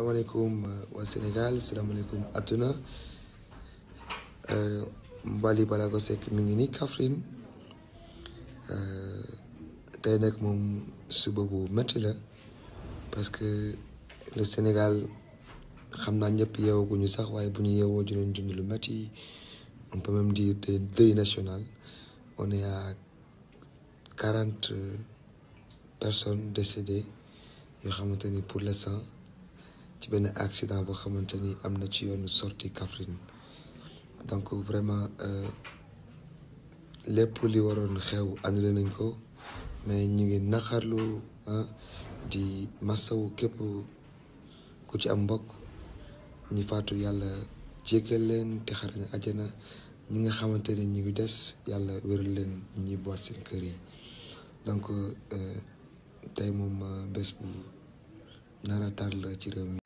alaikum euh, au Sénégal À alaikum à Tuna. Euh, Mbali mi ngi nii Kaffrine euh, tey nag moom suba parce que le Sénégal xam naa ñëpp yeewaguñu sax waye bu ñu yeewoo dinañ dund lu matti. on peut même dire des deuils national on est à quarante personnes décédées yo xamante pour l'instant ci benn accident boo xamante ni am na ci yoonu sorti kafrin donc vraiment euh, lépp li waroon xew annulé nañ ko mais ñu ngi naxarlu di masawu képp ku ci am mbokk ñi faatu yàlla jéggal leen te xare na ñi nga xamante ne ñu ngi des yàlla wéral leen ñi boot seen kër yi donc euh, tey moom euh, bés bu nara tar la ci réew mi